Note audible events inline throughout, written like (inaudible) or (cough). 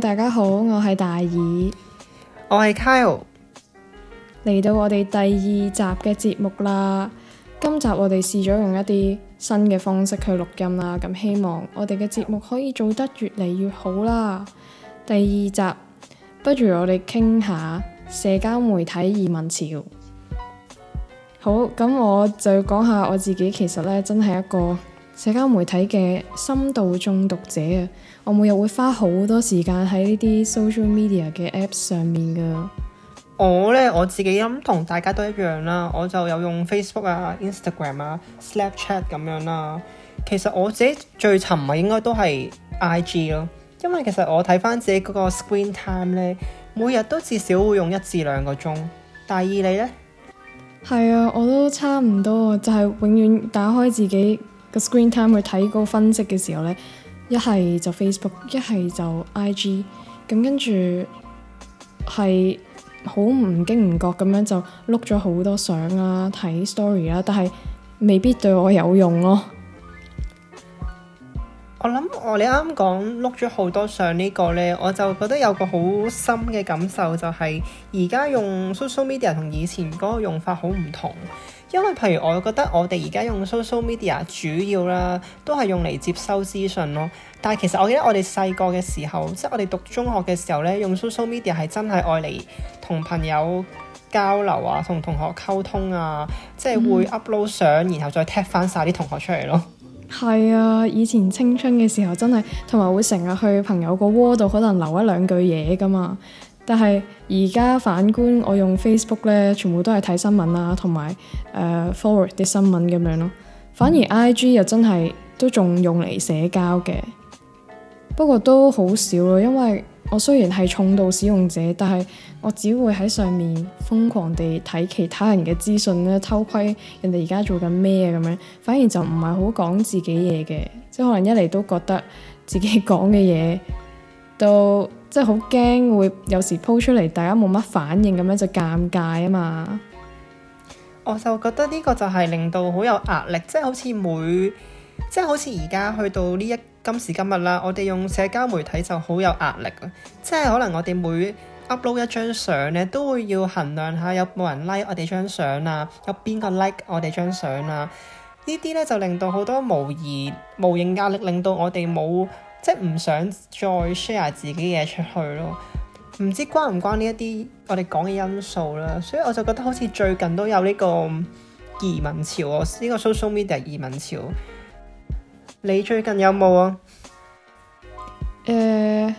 大家好，我係大耳，我係 Kyle，嚟到我哋第二集嘅節目啦。今集我哋試咗用一啲新嘅方式去錄音啦，咁希望我哋嘅節目可以做得越嚟越好啦。第二集，不如我哋傾下社交媒體移民潮。好，咁我就講下我自己，其實呢，真係一個社交媒體嘅深度中毒者啊！我每日會花好多時間喺呢啲 social media 嘅 apps 上面嘅。我呢，我自己諗同大家都一樣啦，我就有用 Facebook 啊、Instagram 啊、Snapchat 咁樣啦。其實我自己最沉迷應該都係 IG 咯，因為其實我睇翻自己嗰個 screen time 呢，每日都至少會用一至兩個鐘。第二你呢？係啊，我都差唔多，就係、是、永遠打開自己。個 screen time 去睇個分析嘅時候咧，一係就 Facebook，一係就 IG，咁跟住係好唔經唔覺咁樣就碌咗好多相啊，睇 story 啦、啊，但係未必對我有用咯，啊。我諗我哋啱啱講碌咗好多相呢個呢，我就覺得有個好深嘅感受，就係而家用 social media 同以前嗰個用法好唔同。因為譬如我覺得我哋而家用 social media 主要啦，都係用嚟接收資訊咯。但係其實我記得我哋細個嘅時候，即係我哋讀中學嘅時候呢，用 social media 係真係愛嚟同朋友交流啊，同同學溝通啊，即係會 upload 相，然後再踢翻晒啲同學出嚟咯。係啊，以前青春嘅時候真係同埋會成日去朋友個窩度，可能留一兩句嘢㗎嘛。但係而家反觀我用 Facebook 呢，全部都係睇新聞、啊呃、啦，同埋 forward 啲新聞咁樣咯。反而 IG 又真係都仲用嚟社交嘅，不過都好少咯，因為。我雖然係重度使用者，但係我只會喺上面瘋狂地睇其他人嘅資訊咧，偷窺人哋而家做緊咩咁樣，反而就唔係好講自己嘢嘅，即係可能一嚟都覺得自己講嘅嘢都即係好驚會有時 po 出嚟，大家冇乜反應咁樣就尷尬啊嘛。我就覺得呢個就係令到好有壓力，即係好似每，即係好似而家去到呢一。今時今日啦，我哋用社交媒體就好有壓力，即係可能我哋每 upload 一張相咧，都會要衡量下有冇人 like 我哋張相啊，有邊個 like 我哋張相啊？呢啲咧就令到好多無疑無形壓力，令到我哋冇即係唔想再 share 自己嘢出去咯。唔知關唔關呢一啲我哋講嘅因素啦？所以我就覺得好似最近都有呢個移民潮哦，呢個 social media 移民潮。你最近有冇啊？誒，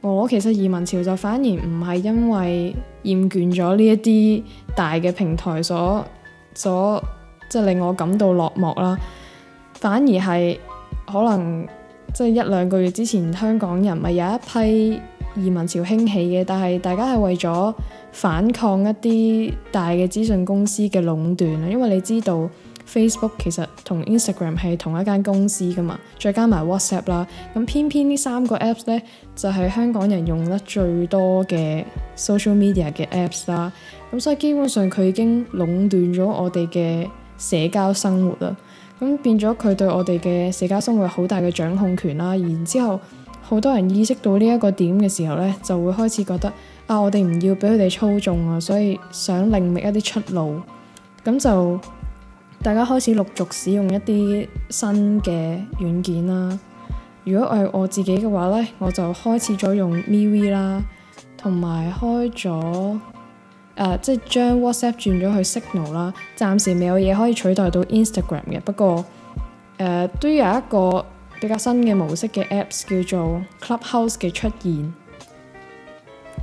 我其實移民潮就反而唔係因為厭倦咗呢一啲大嘅平台所所即係令我感到落寞啦，反而係可能即係、就是、一兩個月之前香港人咪有一批移民潮興起嘅，但係大家係為咗反抗一啲大嘅資訊公司嘅壟斷啦，因為你知道。Facebook 其實同 Instagram 係同一間公司㗎嘛，再加埋 WhatsApp 啦，咁偏偏呢三個 Apps 咧就係香港人用得最多嘅 social media 嘅 Apps 啦，咁所以基本上佢已經壟斷咗我哋嘅社交生活啦，咁變咗佢對我哋嘅社交生活有好大嘅掌控權啦，然之後好多人意識到呢一個點嘅時候咧，就會開始覺得啊，我哋唔要俾佢哋操縱啊，所以想另覓一啲出路，咁就。大家開始陸續使用一啲新嘅軟件啦。如果我係我自己嘅話呢，我就開始咗用 MeWe 啦，同埋開咗誒，即係將 WhatsApp 轉咗去 Signal 啦。暫時未有嘢可以取代到 Instagram 嘅。不過誒，都有一個比較新嘅模式嘅 Apps 叫做 Clubhouse 嘅出現，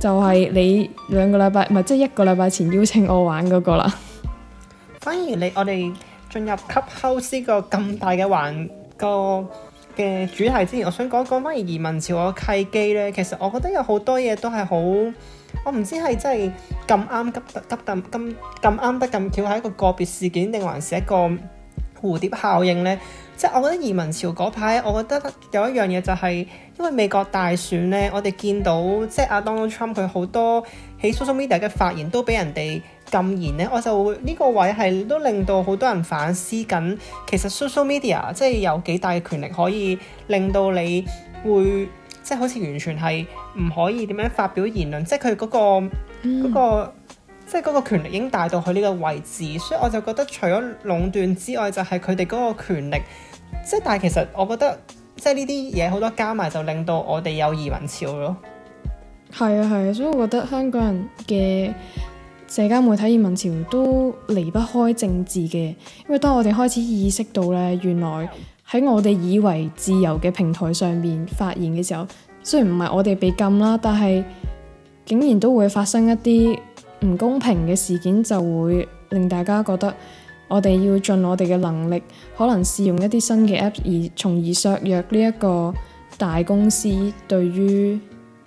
就係你兩個禮拜，唔係，即係一個禮拜前邀請我玩嗰個啦。反而你，我哋進入 Clubhouse 呢個咁大嘅環個嘅主題之前，我想講講翻移民潮個契機咧。其實我覺得有好多嘢都係好，我唔知係真係咁啱急得急咁，咁啱得咁巧，係一個個別事件定還是一個蝴蝶效應咧？即係我覺得移民潮嗰排，我覺得有一樣嘢就係因為美國大選咧，我哋見到即係阿 Donald Trump 佢好多。喺 social media 嘅發言都俾人哋禁言呢，我就會呢、呢個位係都令到好多人反思緊。其實 social media 即係有幾大嘅權力，可以令到你會即係、就係、好似完全係唔可以點樣發表言論。即係佢嗰個嗰、嗯嗰個即係嗰個權力已經大到去呢個位置，所以我就覺得除咗壟斷之外，就係佢哋嗰個權力。即、就、係、係、但係其實我覺得即係呢啲嘢好多加埋就令到我哋有移民潮咯。係啊，係啊，所以我覺得香港人嘅社交媒體移民潮都離不開政治嘅，因為當我哋開始意識到呢，原來喺我哋以為自由嘅平台上面發言嘅時候，雖然唔係我哋被禁啦，但係竟然都會發生一啲唔公平嘅事件，就會令大家覺得我哋要盡我哋嘅能力，可能試用一啲新嘅 app 而，從而削弱呢一個大公司對於。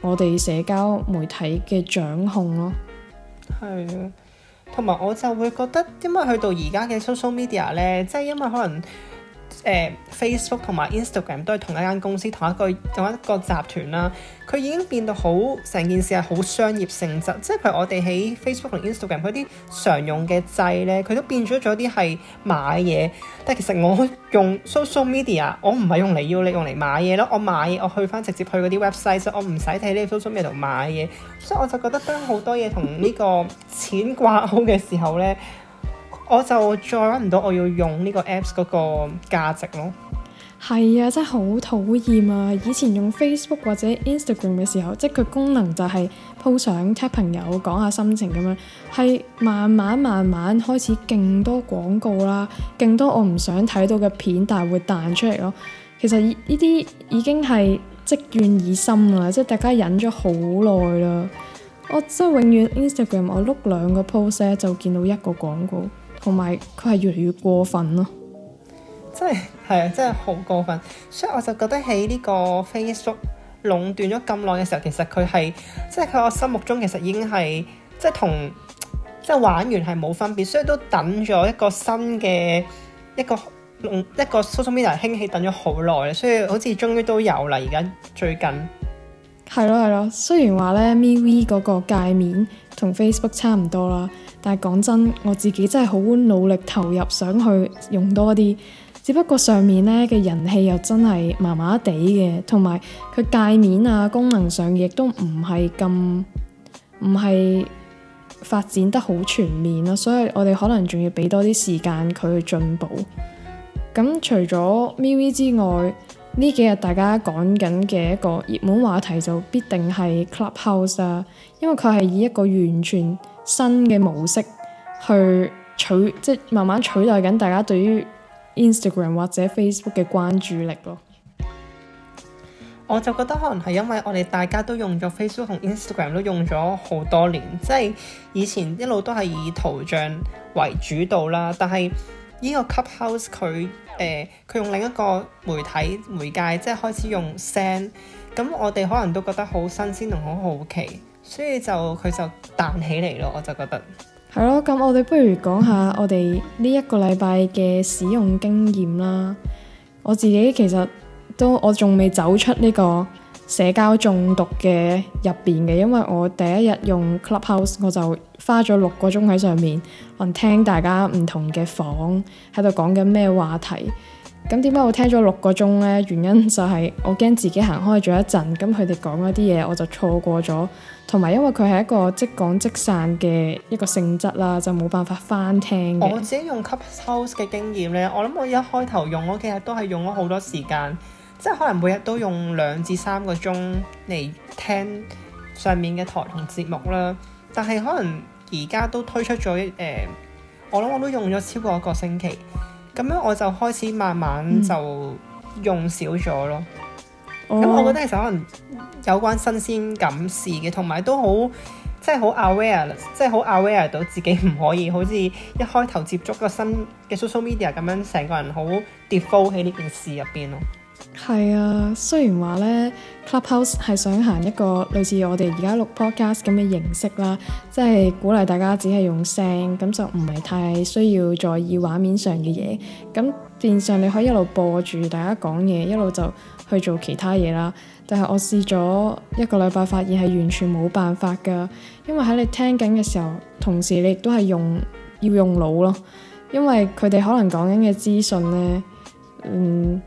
我哋社交媒體嘅掌控咯，係啊，同埋我就會覺得，因為去到而家嘅 social media 咧，即係因為可能。誒、嗯、Facebook 同埋 Instagram 都係同一間公司，同一個同一個集團啦。佢已經變到好成件事係好商業性質，即係譬如我哋喺 Facebook 同 Instagram 嗰啲常用嘅掣咧，佢都變咗咗啲係買嘢。但係其實我用 social media，我唔係用嚟要你，用嚟買嘢咯。我買，我去翻直接去嗰啲 website，我唔使喺呢 social media 度買嘢。所以我就覺得當好多嘢同呢個錢掛鈎嘅時候咧。我就再揾唔到我要用呢個 apps 嗰個價值咯。係啊，真係好討厭啊！以前用 Facebook 或者 Instagram 嘅時候，即係佢功能就係 po 相、tag 朋友、講下心情咁樣。係慢慢慢慢開始勁多廣告啦，勁多我唔想睇到嘅片，但係會彈出嚟咯。其實呢啲已經係積怨已深啦，即係大家忍咗好耐啦。我真係永遠 Instagram，我碌 o o 兩個 post 呢就見到一個廣告。同埋佢係越嚟越過分咯，真係係啊，真係好過分，所以我就覺得喺呢個 Facebook 壟斷咗咁耐嘅時候，其實佢係即係喺我心目中其實已經係即係同即係玩完係冇分別，所以都等咗一個新嘅一個一個 social media 興起等咗好耐啦，所以好似終於都有啦，而家最近係咯係咯，雖然話咧 MeWe 嗰個界面同 Facebook 差唔多啦。但係講真，我自己真係好努力投入，想去用多啲。只不過上面呢嘅人氣又真係麻麻地嘅，同埋佢界面啊、功能上亦都唔係咁唔係發展得好全面啦、啊。所以我哋可能仲要畀多啲時間佢去進步。咁除咗 MeWe 之外，呢幾日大家講緊嘅一個熱門話題就必定係 Clubhouse 啊，因為佢係以一個完全。新嘅模式去取，即慢慢取代緊大家對於 Instagram 或者 Facebook 嘅關注力咯。我就覺得可能係因為我哋大家都用咗 Facebook 同 Instagram 都用咗好多年，即係以前一路都係以圖像為主導啦。但係呢個 Clubhouse 佢誒佢、呃、用另一個媒體媒介，即係開始用聲，咁我哋可能都覺得好新鮮同好好奇。所以就佢就彈起嚟咯，我就覺得係咯。咁、 (noise) (noise) 嗯、我哋不如講下我哋呢一個禮拜嘅使用經驗啦。我自己其實都我仲未走出呢個社交中毒嘅入面嘅，因為我第一日用 Clubhouse，我就花咗六個鐘喺上面，聽大家唔同嘅房喺度講緊咩話題。咁點解我聽咗六個鐘呢？原因就係我驚自己行開咗一陣，咁佢哋講嗰啲嘢我就錯過咗，同埋因為佢係一個即講即散嘅一個性質啦，就冇辦法翻聽。我自己用 Clubhouse 嘅經驗呢，我諗我一開頭用，我其實都係用咗好多時間，即係可能每日都用兩至三個鐘嚟聽上面嘅台同節目啦。但係可能而家都推出咗一、呃、我諗我都用咗超過一個星期。咁樣我就開始慢慢就用少咗咯。咁、嗯嗯、我覺得其實可能有關新鮮感事嘅，同埋都好即係好 aware，即係好 aware 到自己唔可以好似一開頭接觸個新嘅 social media 咁樣，成個人好 default 喺呢件事入邊咯。係啊，雖然話呢 Clubhouse 係想行一個類似我哋而家錄 podcast 咁嘅形式啦，即係鼓勵大家只係用聲，咁就唔係太需要在意畫面上嘅嘢。咁電上你可以一路播住大家講嘢，一路就去做其他嘢啦。但係我試咗一個禮拜，發現係完全冇辦法㗎，因為喺你聽緊嘅時候，同時你亦都係用要用腦咯，因為佢哋可能講緊嘅資訊呢，嗯，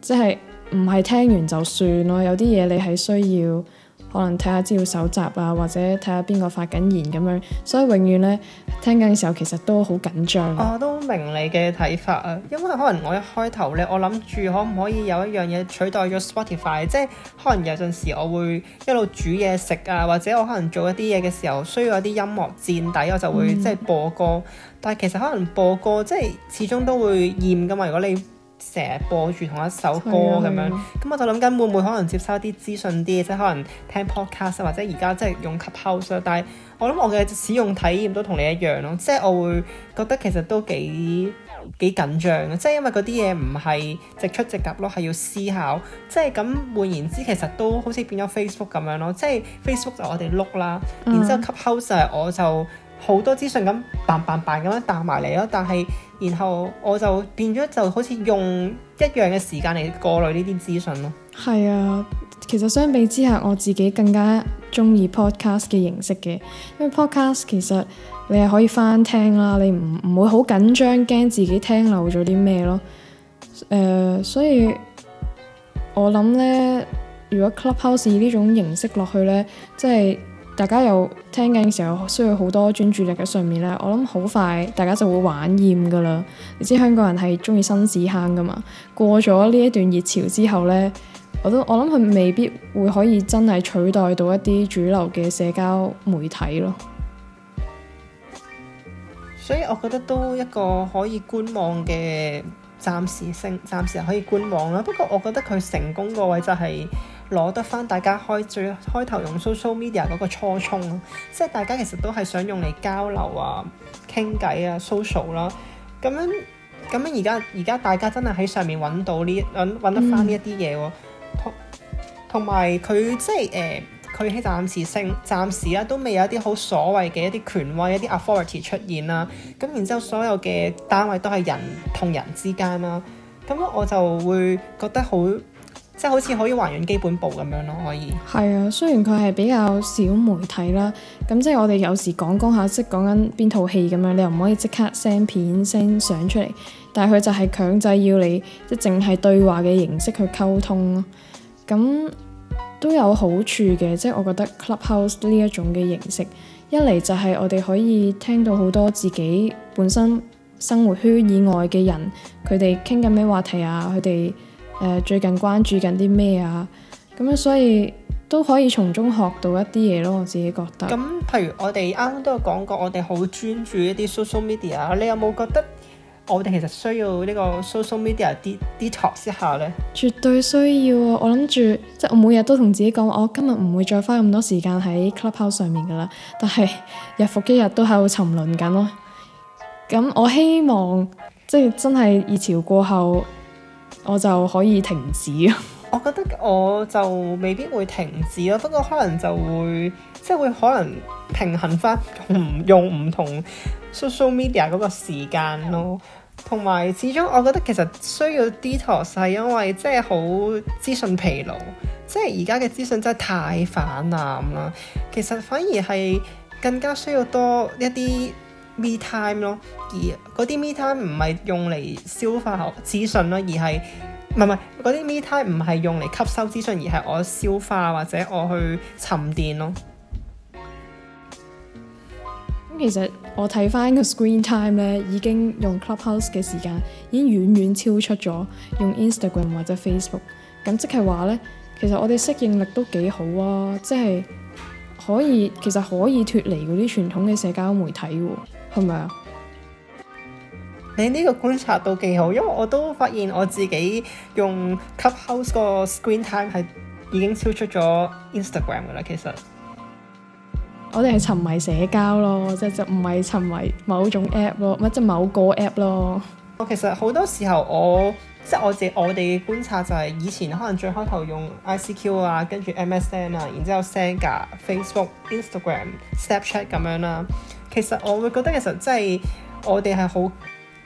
即係。唔係聽完就算咯，有啲嘢你係需要可能睇下資料搜集啊，或者睇下邊個發緊言咁樣，所以永遠呢，聽緊嘅時候其實都好緊張。我都明你嘅睇法啊，因為可能我一開頭呢，我諗住可唔可以有一樣嘢取代咗 Spotify，即係可能有陣時我會一路煮嘢食啊，或者我可能做一啲嘢嘅時候需要一啲音樂墊底，我就會即係播歌。嗯、但係其實可能播歌即係始終都會厭㗎嘛，如果你。成日播住同一首歌咁樣，咁 (music) 我就諗緊會唔會可能接收啲資訊啲即係可能聽 podcast 或者而家即係用 Clubhouse 但係我諗我嘅使用體驗都同你一樣咯，即係我會覺得其實都幾幾緊張嘅，即係因為嗰啲嘢唔係直出直入咯，係要思考。即係咁換言之，其實都好似變咗 Facebook 咁樣咯，即係 Facebook 就我哋碌啦，然之後 Clubhouse 就係我就。好多資訊咁，bang bang bang 咁樣彈埋嚟咯。但係，然後我就變咗就好似用一樣嘅時間嚟過濾呢啲資訊咯。係啊，其實相比之下，我自己更加中意 podcast 嘅形式嘅，因為 podcast 其實你係可以翻聽啦，你唔唔會好緊張，驚自己聽漏咗啲咩咯。誒、呃，所以我諗呢，如果 clubhouse 以呢種形式落去呢，即係。大家有聽緊嘅時候需要好多專注力喺上面咧，我諗好快大家就會玩厭噶啦。你知香港人係鍾意新屎坑噶嘛？過咗呢一段熱潮之後咧，我都我諗佢未必會可以真係取代到一啲主流嘅社交媒體咯。所以我覺得都一個可以觀望嘅，暫時性暫時可以觀望啦。不過我覺得佢成功嗰位就係。攞得翻大家開最開頭用 social media 嗰個初衷咯，即係大家其實都係想用嚟交流啊、傾偈啊、social 啦，咁樣咁樣，而家而家大家真係喺上面揾到呢，揾得翻呢一啲嘢喎，同埋佢即係誒佢喺暫時性暫時啦、啊，都未有一啲好所謂嘅一啲權威一啲 authority 出現啦、啊，咁然之後所有嘅單位都係人同人之間啦、啊，咁我就會覺得好。即係好似可以還原基本步咁樣咯，可以。係啊，雖然佢係比較少媒體啦，咁即係我哋有時講講下，即係講緊邊套戲咁樣，你又唔可以即刻 send 片 send 相出嚟，但係佢就係強制要你即係淨係對話嘅形式去溝通咯。咁都有好處嘅，即係我覺得 Clubhouse 呢一種嘅形式，一嚟就係我哋可以聽到好多自己本身生活圈以外嘅人，佢哋傾緊咩話題啊，佢哋。誒，最近關注緊啲咩啊？咁樣所以都可以從中學到一啲嘢咯。我自己覺得。咁，譬如我哋啱啱都有講過，我哋好專注一啲 social media，你有冇覺得我哋其實需要個呢個 social media 啲 detox 一下咧？絕對需要啊！我諗住，即係我每日都同自己講，我今日唔會再花咁多時間喺 clubhouse 上面噶啦。但係日復一日都喺度沉淪緊咯。咁我希望，即係真係熱潮過後。我就可以停止啊！我覺得我就未必會停止咯，不過可能就會即係會可能平衡翻用唔用唔同 social media 嗰個時間咯。同埋始終我覺得其實需要 detox，因為即係好資訊疲勞，即係而家嘅資訊真係太氾濫啦。其實反而係更加需要多一啲 me time 咯，而嗰啲 me time 唔係用嚟消化資訊咯，而係唔係唔係嗰啲 me time 唔係用嚟吸收資訊，而係我消化或者我去沉澱咯。咁其實我睇翻個 screen time 咧，已經用 Clubhouse 嘅時間已經遠遠超出咗用 Instagram 或者 Facebook。咁即係話咧，其實我哋適應力都幾好啊，即係可以其實可以脫離嗰啲傳統嘅社交媒體喎。係咪，你呢個觀察都幾好，因為我都發現我自己用 Clubhouse 個 screen time 係已經超出咗 Instagram 噶啦，其實我哋係沉迷社交咯，即係就唔係沉迷某種 app 咯，咪即係某個 app 咯。我其實好多時候我即係我哋我哋觀察就係以前可能最開頭用 ICQ 啊，跟住 MSN 啊，然之後 send 噶 Facebook、Instagram、啊、Instagram、Snapchat 咁樣啦。其實我會覺得其實真係我哋係好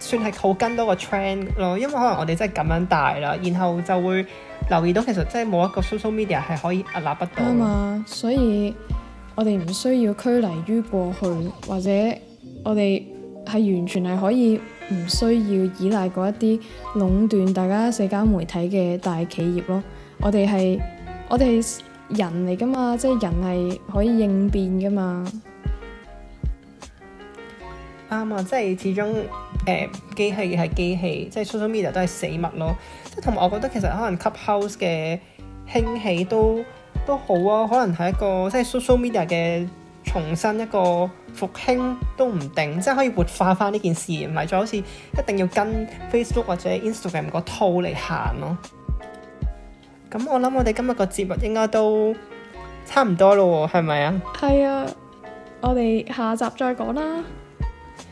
算係好跟多個 trend 咯，因為可能我哋真係咁樣大啦，然後就會留意到其實真係冇一個 social media 係可以屹立不倒啊嘛，所以我哋唔需要拘泥於過去，或者我哋係完全係可以唔需要依賴嗰一啲壟斷大家社交媒體嘅大企業咯。我哋係我哋係人嚟噶嘛，即係人係可以應變噶嘛。啱啊，即係始終誒、欸、機器係機器，即係 social media 都係死物咯。即係同埋，我覺得其實可能 Clubhouse 嘅興起都都好啊，可能係一個即係 social media 嘅重生一個復興都唔定，即係可以活化翻呢件事，唔係再好似一定要跟 Facebook 或者 Instagram 個套嚟行咯。咁我諗我哋今日個節目應該都差唔多咯，係咪啊？係啊，我哋下集再講啦。